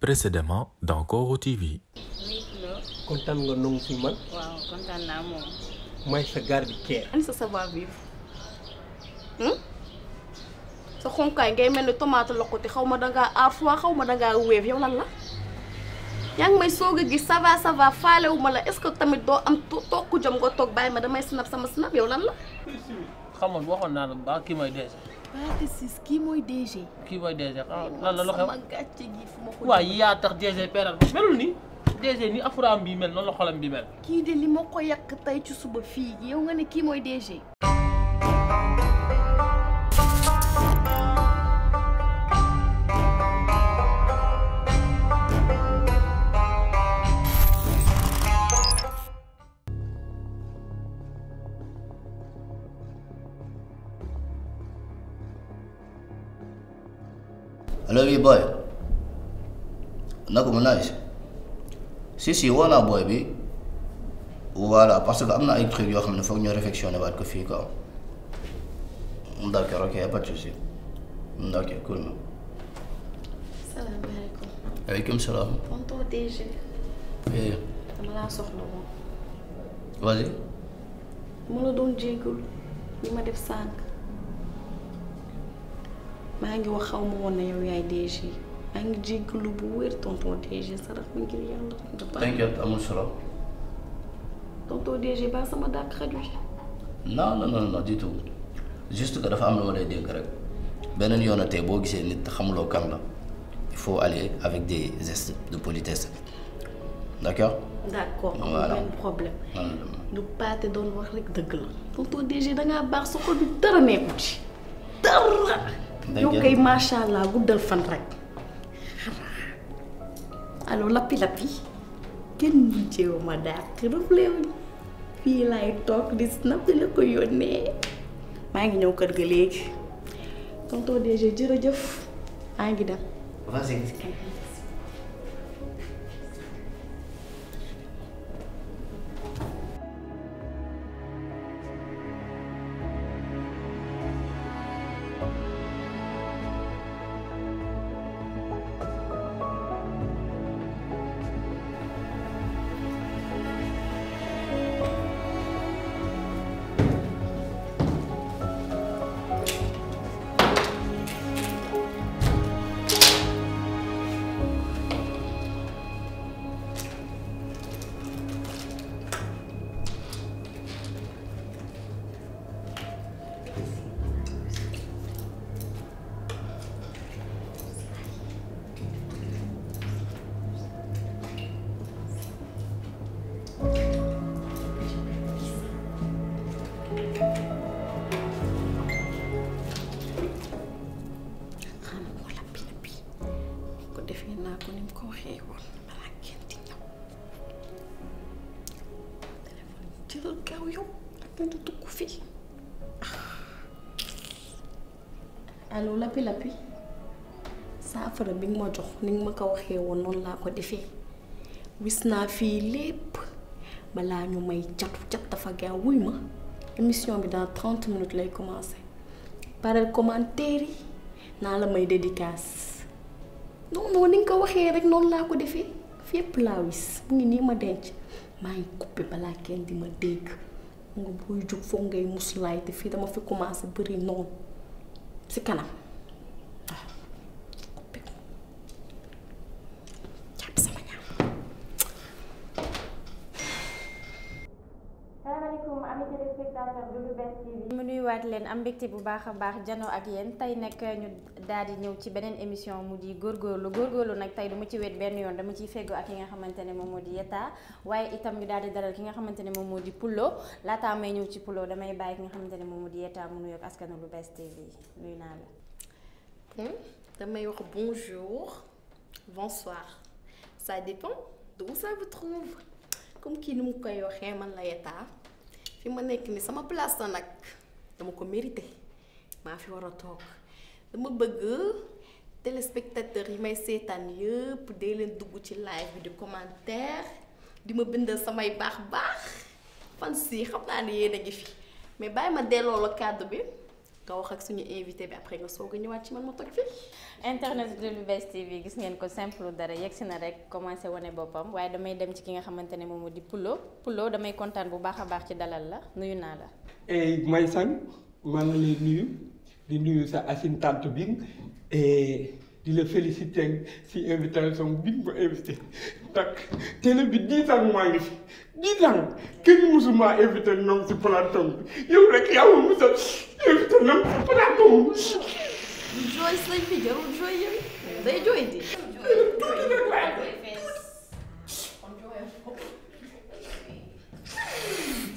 précédemment dans Koro TV. oui nga nangu waaw kontaan naa moom. may sa garde hmm? ngay mel ni tomate lokkati xaw ma dangaa aar fois xaw ma dangaa wéef yow lan la. yaa ngi may soog a gis ça va ça la est-ce que tamit doo am toog ku jom nga toog bàyyi ma damay snap sama snap yow lan la. xam nga naa la ba Babacar Ciss kii mooy DG. kii mooy DG ah, lan la loo xam waaw yaa tax DG peral melul ni DG ni afraam bi mel noonu la xolam bi mel. kii de li ma ko yàq tey ci suba fii yow nga ne kii mooy DG. I love you, boy. mu nice si si woo naa booy bi voilà parce que am na ay trucs yoo xam ne foog ñu réflexionné waat ko fii quoi d'accord ok pas de souci d'accord cool na. salaamaaleykum. waaleykum salaam. tonton DG. dama laa y mu doon jéggul li ma def sànq. maa ngi wax xaw ma woon na yow yaay DG maa ngi jéggalu bu wér tonton DG sarax ma ngir yàlla. t'inquiète amul solo. tonton DG ba sama dàq xaju ci. non non non non du tout juste que dafa am lu ma lay dénk rek beneen yoon tey boo gisee nit xamuloo kan la il faut aller avec des gestes de politesse d'accord. d'accord amul problème. lu paate doon wax rek dëgg la. tonton DG da ngaa baax sa xol bi dara nekkul ci dara. yow kay macha allah guddal fan rek allo lappi lappi kenn jéew ma dàq refléwuñ fii laay toog di snap di la ko yónnee maa ngi ñëw kër gi léegi tonton DG jërëjëf maa ngi dem. ko ni mu ko waxee woon balaa kenn di ñëw téléphone gaaw yow ak kenn saafara bi nga ma jox ni ma ko waxee woon noonu laa ko defee wis naa fii lépp balaa ñu may catu cat dafa gaaw wuy ma émission bi dans trente minutes lay commencer parel commentaire naa la may dédicace non non nga ko waxee rek noonu laa ko defee fépp laa wis mu ngi nii ma denc maa ngi coupé balaa kenn di ma dégg nga booy jug foog ngay muslaay te fii dama fi commencé bari noonu si kanam amis téléspectateurs de leen am mbégte bu baax a baax jano ak yéen tey nag ñu daal di ñëw ci beneen émission mu di góorgóorlu góorgóorlu nag tey du mu ci wet benn yoon dama ciy feggoo ak ki nga xamante ne moom moo di Yetta waaye itam ñu daal di ki nga xamante ne moom moo di Poulo laataa may ñëw ci pulo damay bàyyi ki nga xamante ne moom moo di Yetta mu nuyoo ak askanu Lou'Bess TV nuyu naa la. Hmm? damay wax bonjour bonsoir ça dépend d'où ça vous trouve comme kii ni mu koy waxee man la Yetta. fi ma nekk ni sama place na nag dama ko mérité maa fi war a toog dama bëgg téléspectateurs yi may seetaan yëpp de leen dugg ci live bi di commentaire di ma bindal samay baax baax fan si xam naa ne yéen a fi mais bàyyi ma delloo la kàddu bi nga wax ak suñu invité bi après nga soog a ñëwaat ci man ma toog fii. internet de Lou'Bess TV gis ngeen ko simple dara yegg si na rek commencé wane boppam waaye damay dem ci ki nga xamante ne moom di Poulo Poulo damay kontaan bu baax a baax ci dalal la nuyu naa la. Eh, may san maa ngi lay nuyu di nuyu sa asin tante bi di la féliciter si invitation bi mu invité ndax télé bi dix ans maa ngi fi dix ans kenn musuma invité ñoom si plateau bi yow rek yow musa invité ñoom si plateau bi. jooy sëñ bi jarul jooy yow day jooy di. tuuti nag waaye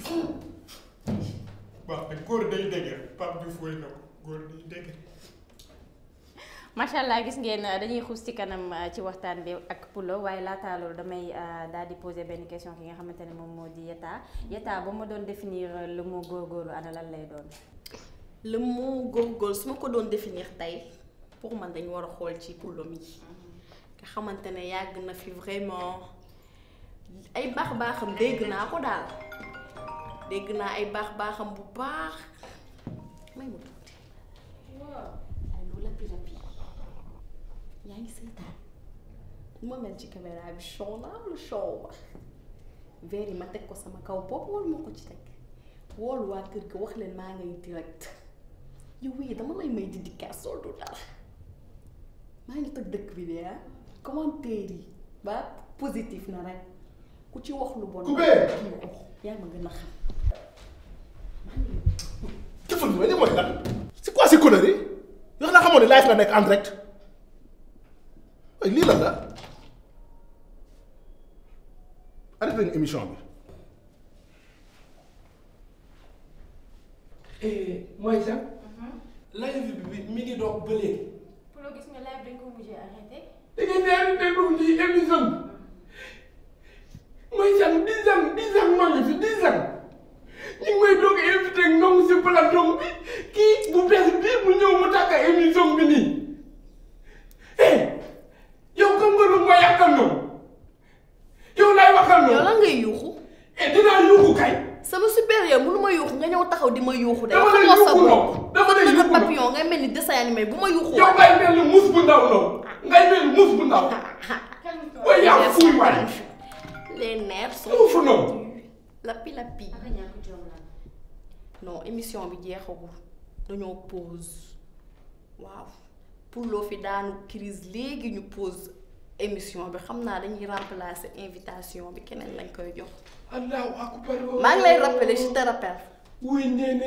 tuuti. waaw góor day dégg Pape Diouf woy na ko góor day dégg. macha allah gis ngeen euh, dañuy xuus ci kanam euh, ci waxtaan bi ak Poulo waaye laataa loolu damay euh, daal di poser benn question ki nga xamante ne moom moo di Yata Yata ba ma doon définir le mot góorgóorlu ana lan lay doon. le mot góorgóorlu su ma ko doon définir tey pour man dañu war a xool ci Poulo mi nga xamante ne yàgg na fi vraiment ay baax baaxam dégg naa ko daal dégg naa ay baax baaxam bu baax may yaa ngi seetaan nu ma mel ci caméra bi show naa wala show ma verre ma teg ko sama kaw bopp wala moo ko ci teg woolu waa kër gi wax leen maa ngay direct yow wéy dama ngi toj dëkk bi de ah commentaire ba positif na rek ku ci wax lu bon. kubéer yaa ma gën a xam. jëfandiku mooy lan. c'est quoi ces conneries yi. yoo xam ne xamoon ne live la nekk en lii lan la arrêté nañu émission bi. Eh, mooy sax. Mhm. bi mi ngi doog ba léegi. pour nga live dañ ko mujjee arrêté. da ngeen di arrêté ni émission bi mooy sax dix ans dix ans moo ngi si plateau bi kii bu bees bii mu ñëw mu tàkk bi nii. sama supérieur ma yuuxu nga ñëw taxaw di ma yuuxu de. dama lay yuuxu noonu dama lay yuuxu noonu ngay mel ni dessin animé bu ma yuuxu. yow ngay mel ni muus bu ndaw noonu ngay mel ni bu ndaw. noonu. lappi lappi. non émission bi jeexagul dañoo pause waaw pour loo fi daanu crise léegi ñu pause. émission bi xam naa dañuy remplacer invitation bi keneen lañ koy jox. allahu maa ngi lay rappeler je te rappelle. wuy nee na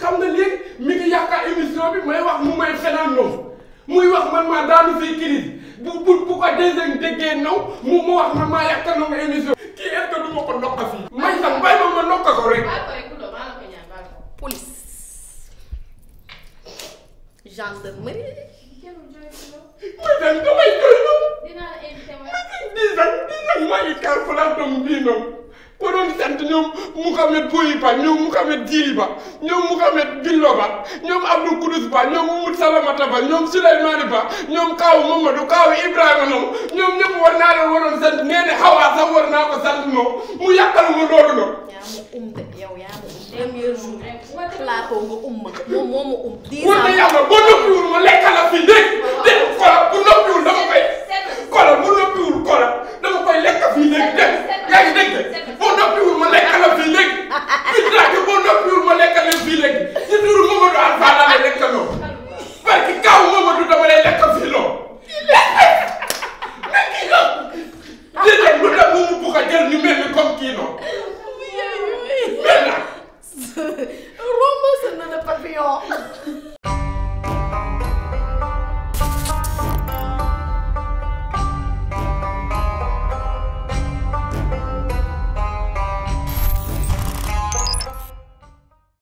xam nga léegi mi ngi yaakaar émission bi may wax mu may fenaan noonu muy wax man maa daanu fii crise bu bu ko deuxième déggee naw mu mu wax man maa yàqal na ma émission. kii est-ce ko nokka fii. may sax mbay ma ma nokka ko rek. police gendarmerie. Mouhamed Boyi Ba ñoom Mouhamed Dili Ba ñoom Mouhamed Billo Ba ñoom Abdou Koudous Ba ñoom Moumou Salamata Ba ñoom Souleymane Ba ñoom Kaaw Mamadou Kaaw Ibrahima Ndong ñoom ñëpp war naa leen waroon sant nee na xawaa sax war naa ko sant moom mu yàqal ma loolu la. Um yow yaa ma um. um moom moo ma um. diis naa ko war na yàlla boo noppiwul ma lekkal a fi dégg. romb sa na la papillon